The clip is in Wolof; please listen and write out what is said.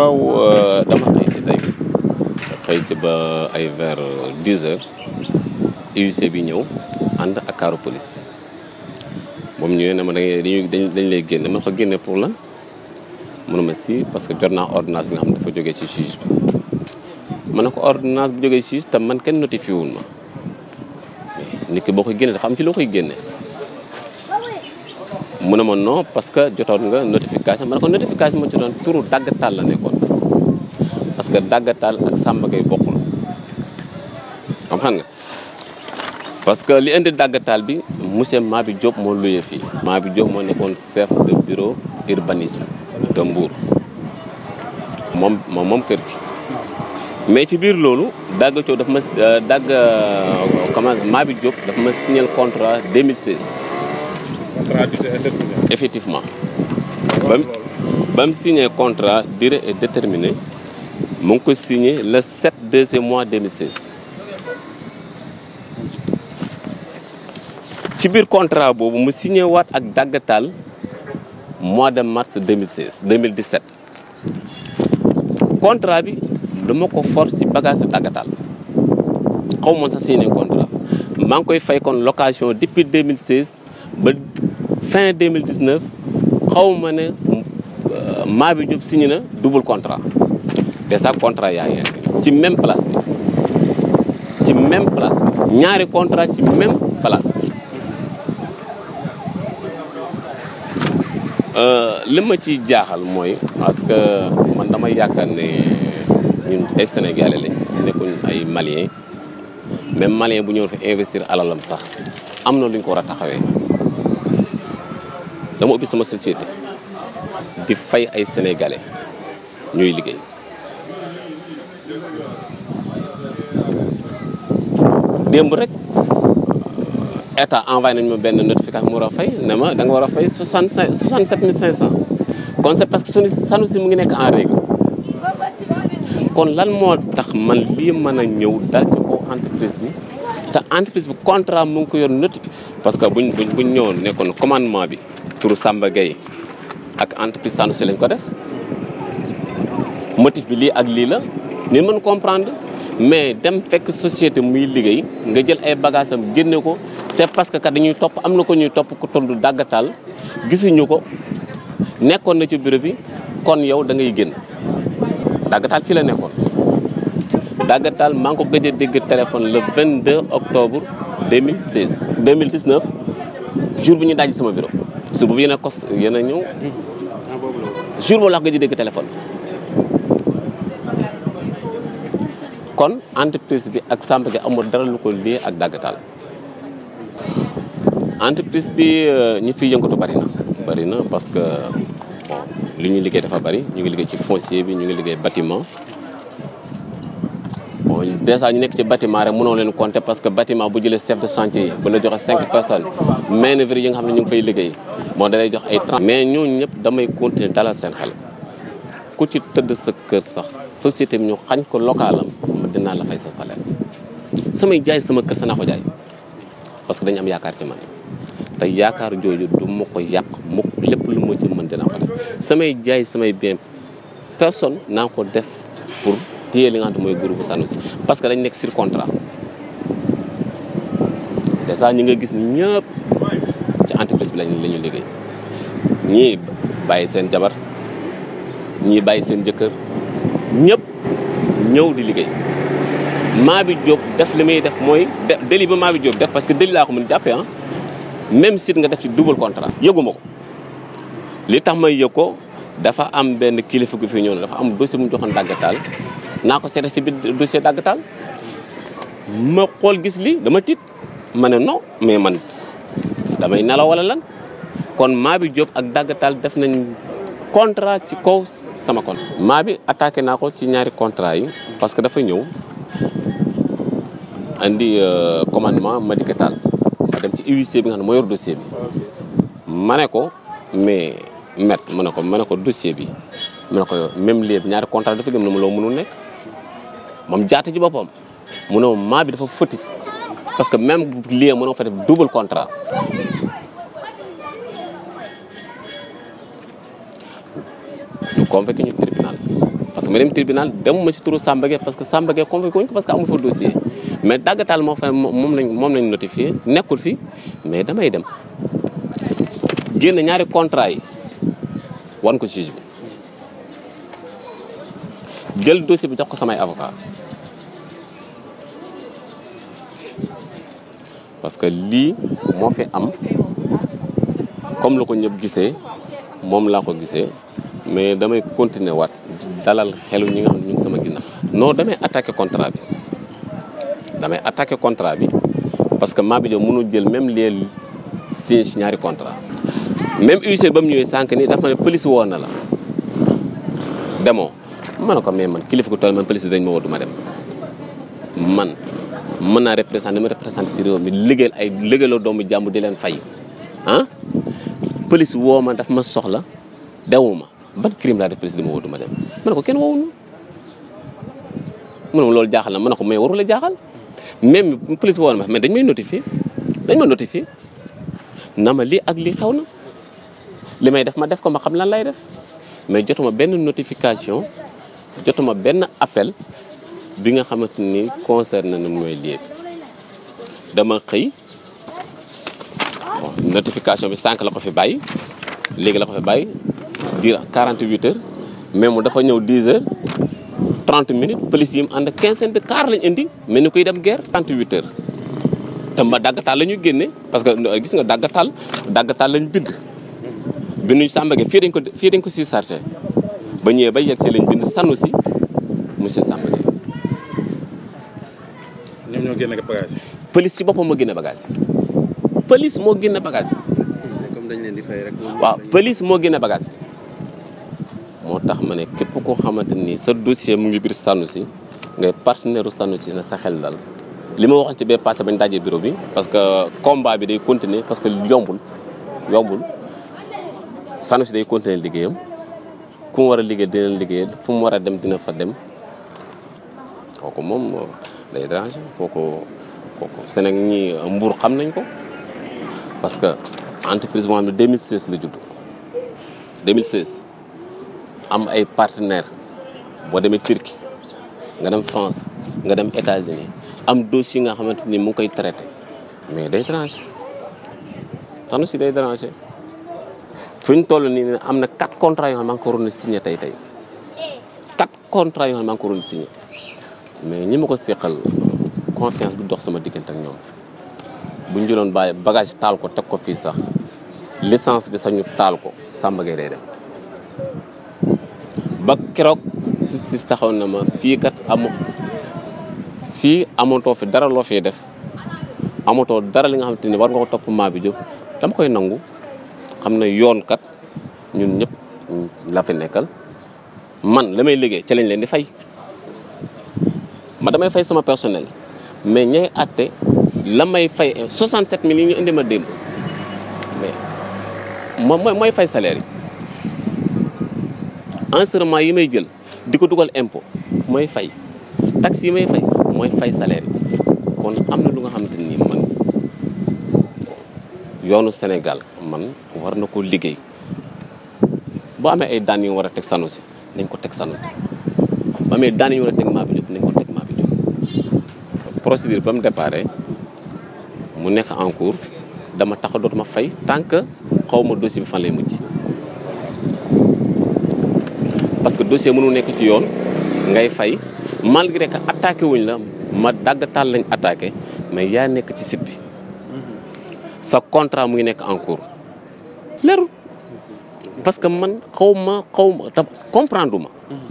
waaw euh, dama xëy si tey xëy si ba ay vers dix heures UIC bi ñëw ànd ak kaaru police moom ñëwee na ma dañuy dañ lay génne man ko génne pour la mënuma si parce que jot naa ordonnance bi nga xam ne dafa jógee si juge bi ma ne ko ordonnance bu jógee si tam man kenn notifié wul ma nit ki boo koy génne dafa am ci loo koy génne mu ne ma non parce que jotoon nga notification ma ne ko notification ma ci doon turu dagg tàll ne ko que Dagatal ak sàmm kay bokkul am xam nga parce que li indi Dagatal bi monsieur Mabi Diop moo luyee fii Mabi Diop moo nekkoon chef de bureau urbanisme de Mbour mom mom, moom kër mais ci bir lolu dàgga coow dafa ma euh, Dag euh, comment Mabi Diop dafa ma signé contrat 2016 effectivement bam mu contrat direct et déterminé. Je suis signé le 7 deuxième mois 2016 signé contrat je suis signé avec Dagatal le mois de mars 2016 2017 contrat bi dama ko force bagasse bagage su Daggatal Je moon signé signé contrat koy location depuis 2016 fin 2019 je ne euh, ma bi signé na double contrat dèjà contrat yaa ngi ci même place bi ci même place bi ñaari contrat ci même place euh, li ma ci jaaxal mooy parce que man damay yaakaar ne ñun ay sénégalais lañ nekkuñ ay malien même malien bu ñëw fa investir alalam sax am na lu ñu ko a taxawee dama ubbi sama société di fay ay sénégalais ñuy liggéey démb rek état envoyé nañ ma benn notification mu war fay ne ma da nga war a fay soixante cinq soixante sept mille kon c'est parce que sunu Sanofi mu ngi nekk en règle kon lan moo tax man lii mën a ñëw dal ci entreprise bi te entreprise bi contrat mu ngi ko yor notifi parce que buñ buñ buñ ñëwoon nekkoon commandement bi turu Samba Gueye ak entreprise Sanofi lañ ko def motif bi lii ak lii la ni mën comprendre mais dem fekk société muy liggéey nga jël ay bagages am génne ko c'est parce que kat dañuy topp am na ko ñuy topp ku tollu daggatal gisuñu ko nekkoon na ci bureau bi kon yow da ngay génn dàggataal fii la nekkoon. dàggataal maa ko gëj a dégg téléphone le 22 octobre 2016 2019 jour bu ñu daj sama bureau. su boobu yéen a kos yéen a ñëw. Ah, jour boobu laa ko gëj dégg téléphone. kon entreprise bi ak sàmm gi amul dara lu ko lii ak dàggatal entreprise bi euh, ñu fiy yëngatu bari na na parce que lu li ñuy liggéey dafa bari ñu ngi liggéey ci foncier bi ñu ngi liggéey bâtiment bon déjà ñu nekk ci bâtiment rek mënoo leen compter parce que batiment bu jëlee chef de chantier yi bu la joxe cinq personnes main-d'œuvre yi nga xam ne ñu ngi fay liggéey moo dalay jox ay trente mais ñooñu ñëpp damay continuer dalal seen xel ku ci tëdd sa kër sax société bi ñu xañ ko local am dina la fay sa salaire sama jaay sama kër sana ko jaay parce que dañ am yaakaar ci man te yaakaar joju du ma ko yàq mukk lépp lu mo ci man dina ko def sama jaay sama bien personne naa ko def pour téye li nga xam moy groupe Sanofi parce que dañ nek sur contrat dèjà ñi nga gis ñepp ci entreprise bi lañ lañu ñu liggéey ñii bàyyi seen jabar ñi bàyyi sen jëkkeur ñepp ñew di liggéey bi Diop def li may def mooy délit ba Mabit Diop def parce que délit laa ko mun jàppee ah même site nga def ci double contrat yëguma ko li tax may yëg ko dafa am benn kilifa gu fi ñëw ne dafa am dossier mu joxoon dàggataal naa ko seeta si biir dossier dàggataal ma xool gis li dama tit ma ne non mais man damay nelaw wala lan kon bi Diop ak dàggataal def nañ contrat ci kaw sama kon maa bi attaqué naa ko ci ñaari contrat yi parce que dafa ñëw andi euh, commandement ma dikk taal ma dem ci huissier bi nga xam ne moo yor dossier bi ma ne ko mais met ma ne ko ma ne ko dossier bi ma ne ko même lieu bi ñaari contrat dafa gëm ne mu loo mënul nekk moom jaata ci boppam mu ne maa bi dafa fautif parce que même lieu mënoo fa def double contrat ñu convoqué ñu tribunal parce que ma dem tribunal dem ma ci turu Samba parce que Samba Gueye parce que amu fa dossier mais dàggataal moo moom lañ moom lañ notifié nekkul fi mais damay dem génn ñaari contrat yi wan ko juge bi jël dossier bi jox ko samay avocat parce que lii moo fi am comme la ko ñëpp gisee moom laa ko gisee mais damay continuer waat dalal xelu ñi nga xam ne ñu sama ginnaaw non damay attaqué contrat bi damay attaquer contrat bi parce que mabido Diop jël même les signes ñaari contrat même UC bam mu sank ni nii dafa ma police woo na la demo ma ko mais man kilifa ko tol man police dañ ma wuduma dem man mën na représenter ma représenter ci réew mi liggéeyal ay liggéeyaloo doomu jamm di len fay hein police woo ma daf ma soxla dewuma ban crime la def police di ma woo dem ma ko ken woowuñu mu lol jaxal loolu jaaxal na ma ne ko mais warula même police woon ma mais dañ may notifié dañ ma notifié na ma lii ak lii xew na li may def ma def ko ma xam lan lay def mais jotuma benn notification jotuma benn appel bi nga xamante ni concerné na mooy lii dama xëy notification bi sànq la ko fi bàyyi léegi la ko fi bàyyi diir 48 heures mais mu dafa ñëw 10 30 minutes police yi and 15 de car lañ indi mel ni koy dem guerre 38 heures te ma dagatal lañu guenné parce que euh, gis nga dagatal dagatal lañ bind binduñ sambagé fi dañ ko fi dañ ko ci chargé ba ñëw ba yegg si lañ bind sanu ci monsieur sàmbage ñu ñoo génne bagage police ci bopam mo guenné bagage police mo guenné bagage comme dañ leen di fay rek waaw police mo guenné bagage moo tax ma ne képp koo xamante ni sa dossier mu ngi biir Sanofi ngay partenaire u Sanofi na sa xel dal li ma waxoon ci bee passé bañ dajee bureau bi parce que combat bi day continuer parce que yombul yombul si day continuer liggéeyam ku mu war a liggéey dina liggéey fu mu war a dem dina fa dem kooku moom day déranger kooku kooku Sénégal ñi mbuur xam nañ ko parce que entreprise boo xam ne 2016 la judd am ay partenaire boo demee Turquie nga dem France nga dem États-Unis am dossier nga xamante ni mu ngi koy traité mais day déranger si day déranger fi ñu toll nii am na quatre contrats yoo xam ne maa ngi ko waroon a signé tey tey quatre contrats yoo xam ne maa ko waroon a signé mais ñi ma ko seqal confiance bu dox sama diggante ak ñoom bu ñu jëloon bàyyi bagage taal ko teg ko fii sax licence bi sax ñu taal ko Samba Gueye day dem. ba keroog justice taxaw na ma fii kat amu fii amatoo fi dara loo fiy def amatoo dara li nga xamante ni war nga ko topp maa bi jóg dama koy nangu xam ne yoon kat ñun ñëpp la fi nekkal man la may liggéey ci lañ leen di fay ma damay fay sama personnel mais ñay àtte la may fay 67000 yi ñu indi ma démb mais mooy fay salaire yi. enregistrement yi may jël di ko dugal impôt mooy fay taxe yi may fay mooy fay salaire kon am na lu nga xamante ni man yoonu senegal man war na ko liggéey boo amee ay daan yu war a teg si nañ ko teg Sanofi boo amee daan yu war a teg maa bi jóg nañ ko teg maa bi jóg procédure ba mu déparé mu nekk en cours dama tax dootuma fay tant que xaw ma dossier bi fan lay mujj. parce que dossier mënu nekk ci yoon ngay fay malgré que attaqué wuñ la ma dagg taal lañ attaqué mais yaa nekk ci site bi sa contrat muy nekk en cours parce que man xawma ma xaw ma comprendre ma